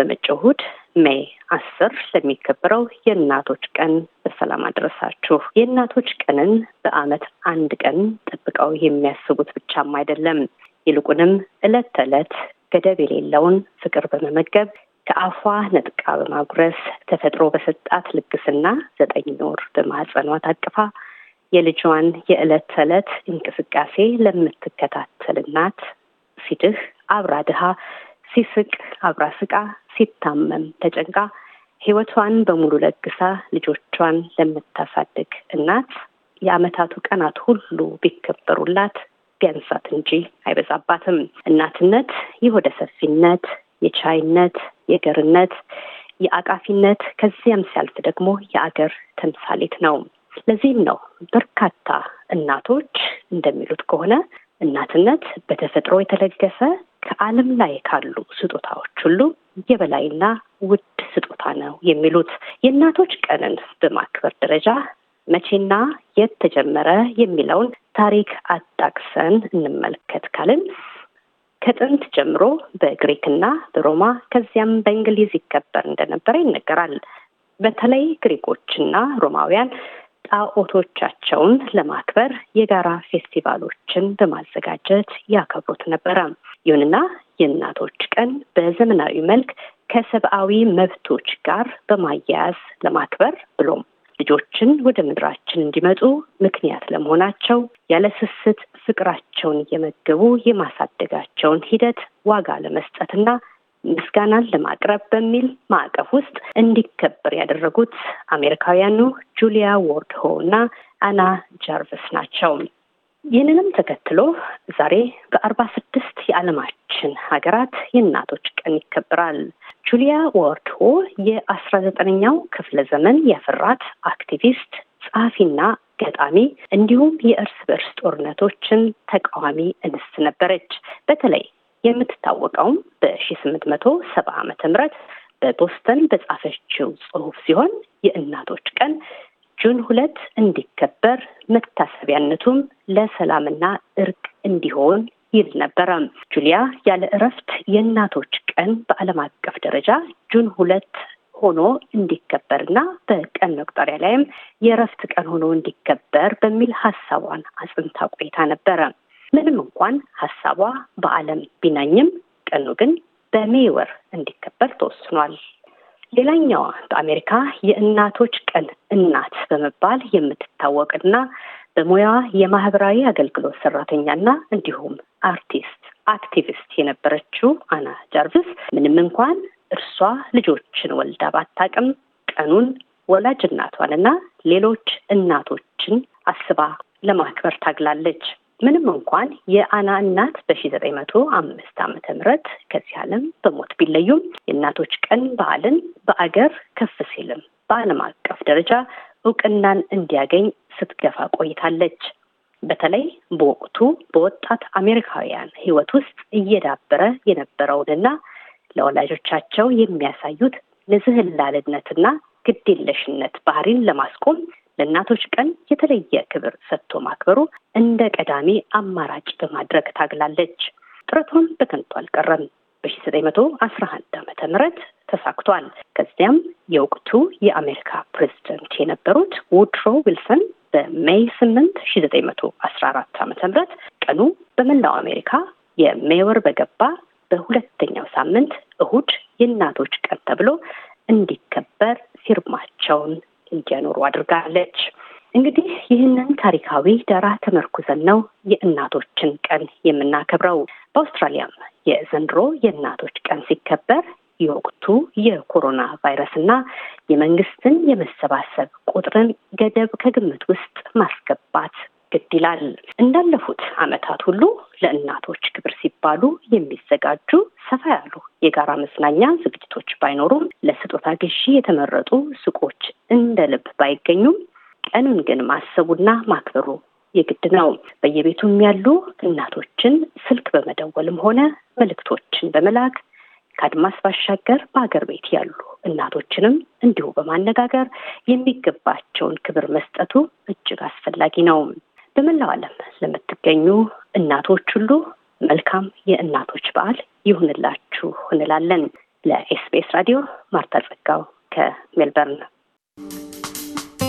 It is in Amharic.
በመጪው እሑድ ሜይ አስር ለሚከበረው የእናቶች ቀን በሰላም አድረሳችሁ። የእናቶች ቀንን በዓመት አንድ ቀን ጠብቀው የሚያስቡት ብቻም አይደለም፣ ይልቁንም ዕለት ተዕለት ገደብ የሌለውን ፍቅር በመመገብ ከአፏ ነጥቃ በማጉረስ ተፈጥሮ በሰጣት ልግስና ዘጠኝ ወር በማህፀኗ ታቅፋ የልጇን የዕለት ተዕለት እንቅስቃሴ ለምትከታተል እናት ሲድህ አብራ ድሃ ሲስቅ አብራ ስቃ፣ ሲታመም ተጨንቃ ህይወቷን በሙሉ ለግሳ ልጆቿን ለምታሳድግ እናት የአመታቱ ቀናት ሁሉ ቢከበሩላት ቢያንሳት እንጂ አይበዛባትም። እናትነት የሆደ ሰፊነት፣ የቻይነት፣ የገርነት፣ የአቃፊነት ከዚያም ሲያልፍ ደግሞ የአገር ተምሳሌት ነው። ለዚህም ነው በርካታ እናቶች እንደሚሉት ከሆነ እናትነት በተፈጥሮ የተለገሰ ከዓለም ላይ ካሉ ስጦታዎች ሁሉ የበላይና ውድ ስጦታ ነው የሚሉት የእናቶች ቀንን በማክበር ደረጃ መቼና የት ተጀመረ የሚለውን ታሪክ አጣቅሰን እንመልከት ካልን ከጥንት ጀምሮ በግሪክና በሮማ ከዚያም በእንግሊዝ ይከበር እንደነበረ ይነገራል። በተለይ ግሪኮችና ሮማውያን ጣዖቶቻቸውን ለማክበር የጋራ ፌስቲቫሎችን በማዘጋጀት ያከብሩት ነበረ። ይሁንና የእናቶች ቀን በዘመናዊ መልክ ከሰብአዊ መብቶች ጋር በማያያዝ ለማክበር ብሎም ልጆችን ወደ ምድራችን እንዲመጡ ምክንያት ለመሆናቸው ያለ ስስት ፍቅራቸውን እየመገቡ የማሳደጋቸውን ሂደት ዋጋ ለመስጠትና ምስጋናን ለማቅረብ በሚል ማዕቀፍ ውስጥ እንዲከበር ያደረጉት አሜሪካውያኑ ጁሊያ ዎርድሆ እና አና ጃርቨስ ናቸው። ይህንንም ተከትሎ ዛሬ በአርባ ስድስት የዓለማችን ሀገራት የእናቶች ቀን ይከበራል። ጁሊያ ዎርድሆ የአስራ ዘጠነኛው ክፍለ ዘመን ያፈራት አክቲቪስት፣ ጸሐፊና ገጣሚ እንዲሁም የእርስ በእርስ ጦርነቶችን ተቃዋሚ እንስት ነበረች። በተለይ የምትታወቀውም በሺ ስምንት መቶ ሰባ ዓመተ ምህረት በቦስተን በጻፈችው ጽሁፍ ሲሆን የእናቶች ቀን ጁን ሁለት እንዲከበር መታሰቢያነቱም ለሰላምና እርቅ እንዲሆን ይል ነበረ። ጁሊያ ያለ እረፍት የእናቶች ቀን በዓለም አቀፍ ደረጃ ጁን ሁለት ሆኖ እንዲከበርና በቀን መቁጠሪያ ላይም የእረፍት ቀን ሆኖ እንዲከበር በሚል ሀሳቧን አጽንታ ቆይታ ነበረ። ምንም እንኳን ሀሳቧ በዓለም ቢናኝም ቀኑ ግን በሜይ ወር እንዲከበር ተወስኗል። ሌላኛዋ በአሜሪካ የእናቶች ቀን እናት በመባል የምትታወቅና በሙያዋ የማህበራዊ አገልግሎት ሰራተኛና እንዲሁም አርቲስት አክቲቪስት የነበረችው አና ጃርቪስ ምንም እንኳን እርሷ ልጆችን ወልዳ ባታቅም ቀኑን ወላጅ እናቷንና ሌሎች እናቶችን አስባ ለማክበር ታግላለች። ምንም እንኳን የአና እናት በሺ ዘጠኝ መቶ አምስት ዓመተ ምህረት ከዚህ ዓለም በሞት ቢለዩም የእናቶች ቀን በዓልን በአገር ከፍ ሲልም በዓለም አቀፍ ደረጃ እውቅናን እንዲያገኝ ስትገፋ ቆይታለች። በተለይ በወቅቱ በወጣት አሜሪካውያን ሕይወት ውስጥ እየዳበረ የነበረውንና ለወላጆቻቸው የሚያሳዩት ንዝህላልነትና ግዴለሽነት ባህሪን ለማስቆም ለእናቶች ቀን የተለየ ክብር ሰጥቶ ማክበሩ እንደ ቀዳሚ አማራጭ በማድረግ ታግላለች። ጥረቷን በከንቱ አልቀረም። በሺ ዘጠኝ መቶ አስራ አንድ ተሳክቷል። ከዚያም የወቅቱ የአሜሪካ ፕሬዚደንት የነበሩት ውድሮ ዊልሰን በሜይ ስምንት ሺ ዘጠኝ መቶ አስራ አራት ቀኑ በመላው አሜሪካ የሜይ ወር በገባ በሁለተኛው ሳምንት እሁድ የእናቶች ቀን ተብሎ እንዲከበር ፊርማቸውን እንዲያኖሩ አድርጋለች። እንግዲህ ይህንን ታሪካዊ ዳራ ተመርኩዘን ነው የእናቶችን ቀን የምናከብረው። በአውስትራሊያም የዘንድሮ የእናቶች ቀን ሲከበር የወቅቱ የኮሮና ቫይረስ ና የመንግስትን የመሰባሰብ ቁጥርን ገደብ ከግምት ውስጥ ማስገባት ግድ ይላል። እንዳለፉት ዓመታት ሁሉ ለእናቶች ክብር ሲባሉ የሚዘጋጁ ሰፋ ያሉ የጋራ መዝናኛ ዝግጅቶች ባይኖሩም፣ ለስጦታ ግዢ የተመረጡ ሱቆች እንደ ልብ ባይገኙም ቀኑን ግን ማሰቡና ማክበሩ የግድ ነው። በየቤቱም ያሉ እናቶችን ስልክ በመደወልም ሆነ መልእክቶችን በመላክ ከአድማስ ባሻገር በሀገር ቤት ያሉ እናቶችንም እንዲሁ በማነጋገር የሚገባቸውን ክብር መስጠቱ እጅግ አስፈላጊ ነው። በመላው ዓለም ለምትገኙ እናቶች ሁሉ መልካም የእናቶች በዓል ይሁንላችሁ እንላለን። ለኤስቢኤስ ራዲዮ ማርታ ጸጋው ከሜልበርን